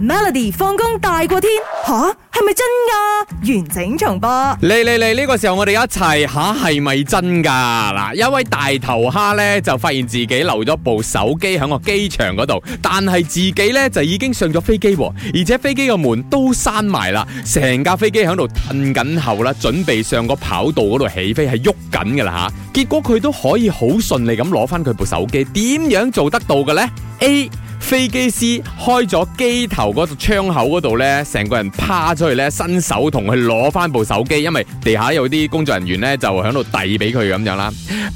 Melody 放工大過天吓，係咪真噶、啊、完整重播嚟嚟嚟，呢個時候我哋一齊吓係咪真噶嗱？一位大頭蝦呢，就發現自己留咗部手機喺個機場嗰度，但係自己呢，就已經上咗飛機，而且飛機個門都閂埋啦，成架飛機喺度褪緊後啦，準備上個跑道嗰度起飛係喐緊噶啦吓。結果佢都可以好順利咁攞翻佢部手機，點樣做得到嘅呢？a 飛機師開咗機頭嗰個窗口嗰度呢，成個人趴咗去呢，伸手同佢攞翻部手機，因為地下有啲工作人員呢就響度遞俾佢咁樣啦。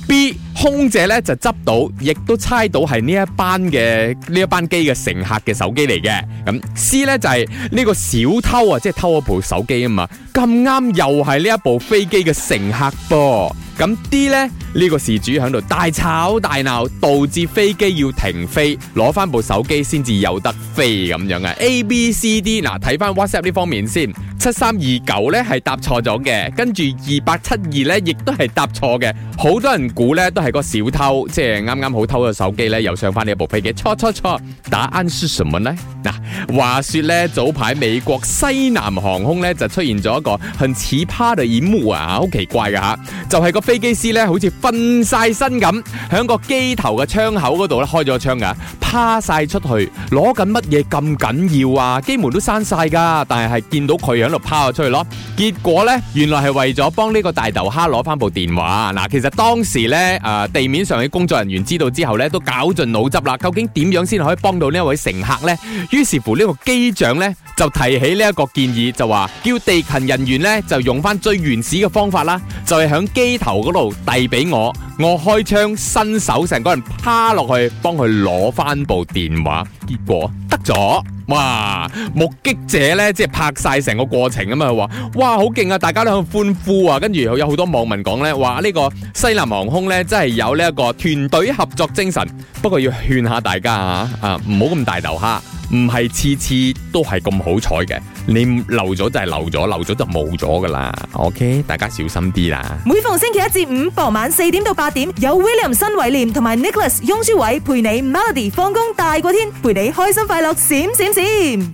B 空姐，呢就執到，亦都猜到係呢一班嘅呢一班機嘅乘客嘅手機嚟嘅。咁 C 呢，就係、是、呢個小偷啊，即係偷咗部手機啊嘛，咁啱又係呢一部飛機嘅乘客噃。咁 D 呢，呢、這個事主喺度大吵大鬧，導致飛機要停飛，攞翻部手機先至有得飛咁樣嘅。A、B、C、D 嗱，睇翻 WhatsApp 呢方面先，七三二九呢係答錯咗嘅，跟住二八七二呢亦都係答錯嘅。好多人估呢都係個小偷，即係啱啱好偷咗手機呢，又上翻呢一部飛機。錯錯錯，答案係咩呢？嗱。話說呢，早排美國西南航空呢就出現咗一個很奇葩嘅演舞啊，好奇怪嘅吓，就係、是、個飛機師咧，好似瞓晒身咁，喺個機頭嘅窗口嗰度咧，開咗個窗噶趴晒出去，攞緊乜嘢咁緊要啊？機門都閂晒噶但係係見到佢喺度趴咗出去咯。結果呢，原來係為咗幫呢個大頭蝦攞返部電話。嗱，其實當時呢，誒地面上嘅工作人員知道之後呢，都絞盡腦汁啦。究竟點樣先可以幫到呢一位乘客呢？於是乎呢個機長呢。就提起呢一個建議，就話叫地勤人員呢，就用翻最原始嘅方法啦，就係響機頭嗰度遞俾我，我開窗伸手成個人趴落去幫佢攞翻部電話，結果得咗，哇！目擊者呢，即係拍晒成個過程啊嘛，話哇好勁啊，大家都喺度歡呼啊，跟住有好多網民講呢：「話、哇、呢個西南航空呢，真係有呢一個團隊合作精神，不過要勸下大家啊啊唔好咁大頭蝦。唔係次次都係咁好彩嘅，你漏咗就係漏咗，漏咗就冇咗噶啦。OK，大家小心啲啦。每逢星期一至五傍晚四點到八點，有 William 新偉廉同埋 Nicholas 雍舒偉陪你 Melody 放工大過天，陪你開心快樂閃閃閃。閃閃閃閃